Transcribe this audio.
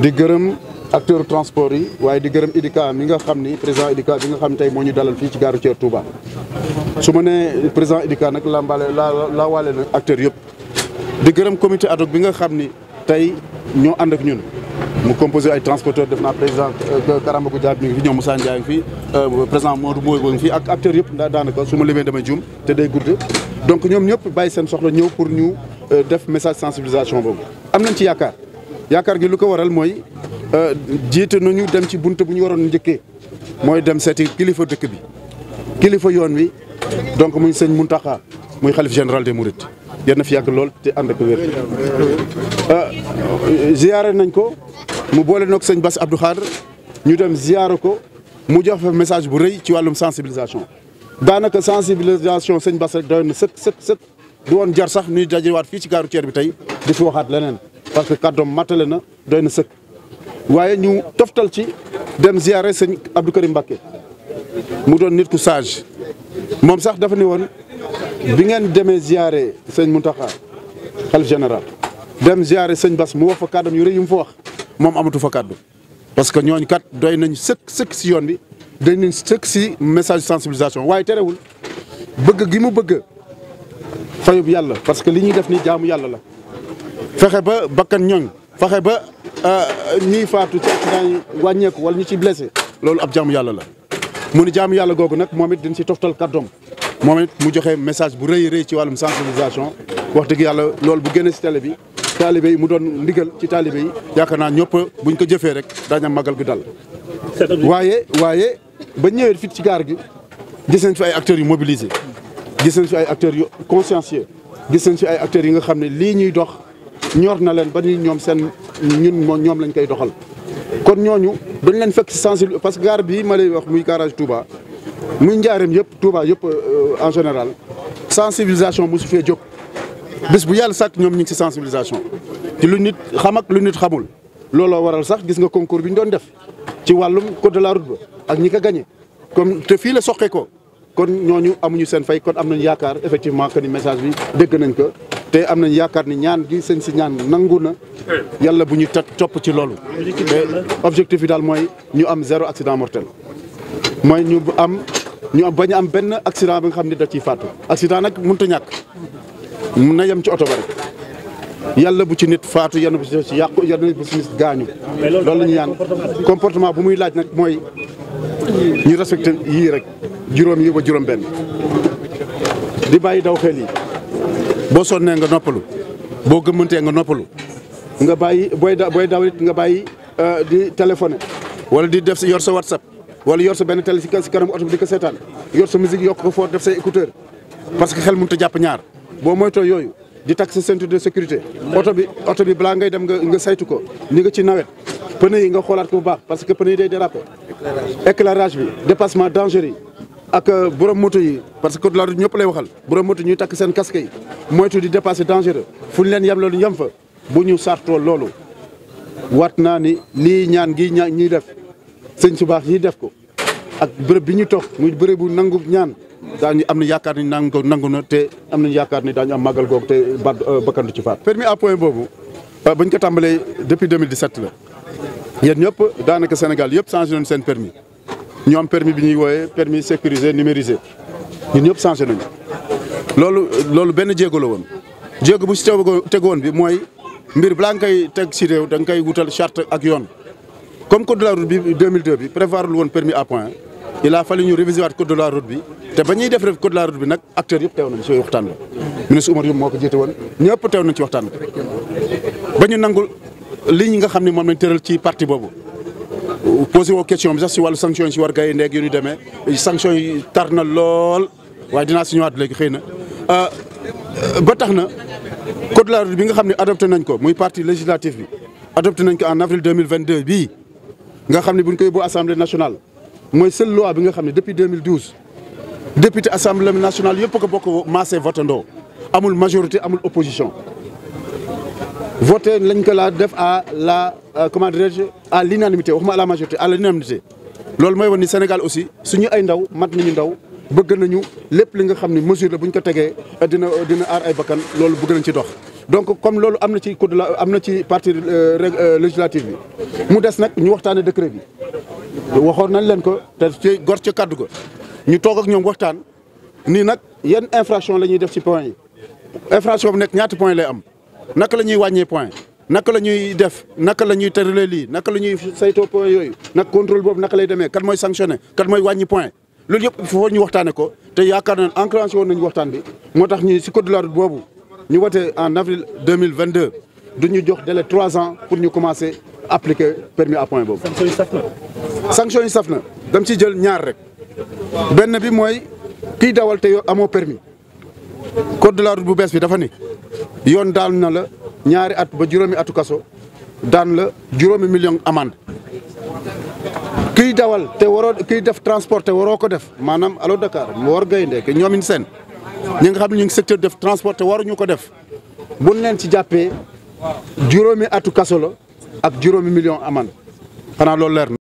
di gërëm acteur transport yi waaye di gërëm IDICA mi nga xam ni président IDICA bi nga xam tey moo ñu dalal fii ci gare routière Touba su ma nee président IDICA nag la lambaale la laa waale na acteur yëpp di gërëm comité ad hoc bi nga xam ni tey ñoo ànd ak ñun mu composé ay transporteur def naa président euh, Karamba Goudiaby mi ngi fi ñoom Moussa Ndiaye ngi fi euh, président Modou Mboy ngi fi ak acteurs yëpp daanaka su ma limee damay juum te day gudd donc ñoom ñëpp bàyyi seen soxla ñëw pour ñu euh, def message sensibilisation boobu am nañ ci yaakaar yaakaar gi lu ko waral mooy euh, jiite ñu dem ci bunt bu ñu waroon njëkkee mooy dem seeti kilifa dëkk bi kilifa yoon wi donc muy sëñ Mountakha muy xalif général des Mourides yéen a fi yàgg lool te ànd ak wér. Euh, ziare nañ ko mu boole noog sëñ Bass Abdou Khadre ñu dem ziare ko mu jox fa message bu rëy ci wàllum sensibilisation daanaka sensibilisation sëñ Bass rek doyoon na sëkk sëkk sëkk du woon jar sax ñuy dajewaat fii ci gaaru ceer bi tey di fi waxaat leneen. parce que kàddoom matale na doy na sëkk waaye ñu toftal ci dem ziare sëñ Abdou Karim Mbacké mu doon nit ku sage moom sax dafa ni woon bi ngeen demee ziare sëñ Mountakha xalif général dem ziare sëñ bas mu wax fa kàddoom yu rëy yu wax moom amatu fa kàddu parce que ñooñ kat doy nañ sëkk sëkk si yoon bi doy nañ sëkk si message sensibilisation waaye terewul bëgg gi mu bëgg fayub yàlla parce que li ñuy def ni jaamu yàlla la fexe ba bakkan ñoñ faxe ba euh, ñiy faatu ci accident yi wàññeeku wala ñu ci blessé loolu ab jaamu yàlla la mu ni jaamu yàlla googu nag moom it dañ si toftal kàddoom moom it mu joxe message bu rëy rëy ci wàllum sensibilisation wax dëgg yàlla loolu bu génnee si télé bi taalibe yi mu doon ndigal ci taalibe yi yaakaar naa ñëpp buñ ko jëfee rek daañu magal gi dal waaye waaye ba ñëwee fit ci gaar gi gis nañ fi ay acteurs yu mobilisés gis nañ fi ay acteurs yu consciencieux gis nañ fi ay acteurs yi nga xam ne lii ñuy dox ñor na leen ba ni ñoom seen ñun moom ñoom lañ koy doxal kon ñooñu dañ leen fekk sensible parce que gare bii ma lay wax muy garage Touba muy njaareem yëpp Touba yëpp euh, en général sensibilisation mosu fee jóg bés bu yàlla sàkk ñoom ñu ngi si sensibilisation ci lu nit xam ak lu nit xamul looloo waral sax gis nga concours bi ñu doon def ci wàllum code la route ba ak ñi ko gagné comme te fii la soqe ko kon ñooñu amuñu seen fay kon am nañu yaakaar effectivement que message bi dégg nañ ko te am nañ yaakaar ni ñaan gi sëñ si ñaan nangu na yàlla bu ñu topp ci loolu mais objectif bi daal mooy ñu am zéro accident mortel mooy ñu am ñu am bañ am benn accident bi nga xam ne da ciy faatu accident nag mënut a ñàkk mun na yem ci oto ba rek yàlla bu ci nit faatu yenn bu ci yàqu yenn bu nit gaañu loolu la ñu ñaan comportement bu muy laaj nag mooy ñu respecté yii rek juróom yi ba juróom benn di bàyyi daw xel yi boo sonnee nga noppalu boo gëmmantee nga noppalu nga bàyyi booy da booy daw it nga bàyyi euh, di téléphoné wala di def si yor sa whatsapp wala yor sa benn télé si kanam oto bi di ko seetaan yor sa musique yokk ko fort def say écouteur parce que xel mënut a jàpp ñaar boo moytoo yooyu di takk sa ceinture de sécurité oto bi oto bi balaa ngay dem nga nga saytu ko ni nga ci nawet pneu yi nga xoolaat ko bu baax parce que pneu yi day déraper éclairage bi dépassement dangereux yi ak euh, borom moto parce que code de la route ñëpp lay waxal borom moto ñuy takk seen casque yi moytu di dépasser dangereux fu ñu leen yem loolu yem fa bu ñu sartoo loolu waat naa ni lii ñaan gi ñaan ñuy def sëñ ci baax ñiy def ko ak bërëb bi ñu toog muy bërëb bu nangu ñaan daañu am na yaakaar ni nangu nangu na te am na yaakaar ni daañu a magal googu te ba euh, bakkandu ci faat permis à point boobu euh, bañ ko tàmbalee depuis mil 2017 la yéen ñëpp daanaka Sénégal yëpp changé nañu seen permis ñoom permis bi ñuy wooyee permis sécurisé numérisé ñun ñëpp changé nañu. loolu loolu benn jéego la woon jéego bu si tegoon bi mooy mbir balaa nga kay teg si réew da nga koy wutal charte ak yoon comme code de la route bi 2002 bi prévoir lu woon permi à point il a fallu ñu réviser waat code de la route bi te ba ñuy def rek code de la route bi nag acteurs yëpp teew nañ ci waxtaan la ministre Oumar Youm moo ko jiite woon ñëpp teew nañ ci waxtaan ba ñu nangu li nga xam ne moom lañ tëral ci parti boobu. posé wo question bi sax si wàllu sanction yi si war gaye ndeeg yu ñu demee sanction yi tar na lool waaye dinaa si ñëwaat léegi xëy na euh, ba tax na code de bi nga xam ne adopté nañ ko muy partie législative bi adopté nañ ko en avril 2022 bii nga xam ne bu ñu koy bu assemblée nationale mooy seule loi bi nga xam ne depuis 2012 député assemblée nationale yëpp ko bokk maasee votandoo amul majorité amul opposition voté lañ ko laa def à la euh, comment dirais-je à l'unanimité waxuma à la majorité à l'unanimité loolu mooy wane ni Sénégal aussi suñu ay ndaw mat nañu ndaw bëgg nañu lépp li nga xam ni mesure la bu ñu ko tegee dina dina aar ay bakkan loolu bëgg nañ ci dox. donc comme loolu am na ci code la am na ci partie euh, euh, législative bi mu des nag ñu waxtaanee décret bi waxoon nañ leen ko te gor ci kàddu ko ñu toog ak ñoom waxtaan nii nag yan infraction la ñuy def ci point yi infraction bu nekk ñaati point lay am. naka la ñuy wàññee point naka la ñuy def naka la ñuy tëralee lii naka la ñuy saytoo point yooyu nag contrôle boobu naka lay demee kat mooy sanctionné kat mooy wàññi point loolu yëpp foo ñu waxtaane ko te yaakaar na ne enclenché woon nañu waxtaan bi moo tax ñu si code de la route boobu ñu wote en avril 2022 du ñu jox délai trois ans pour ñu commencer appliquer permis à boobu. sanction yi saf na. sanction yi na dam ci jël ñaar rek benn bi mooy kiy dawal te amoo permis code de la route bu bees bi dafa ni yoon daan na la ñaari at ba juróomi atu kaso daan la juróomi million amende kiy dawal te waroo kiy def transport te waroo ko def maanaam Allo Dakar war Gaynde ke ñoomin seen ñi nga xam ne ñu ngi secteur def transport te waruñu ko def buñ leen ci jàppee juróomi atu kaso la ak juróomi million amende xanaa loolu leer na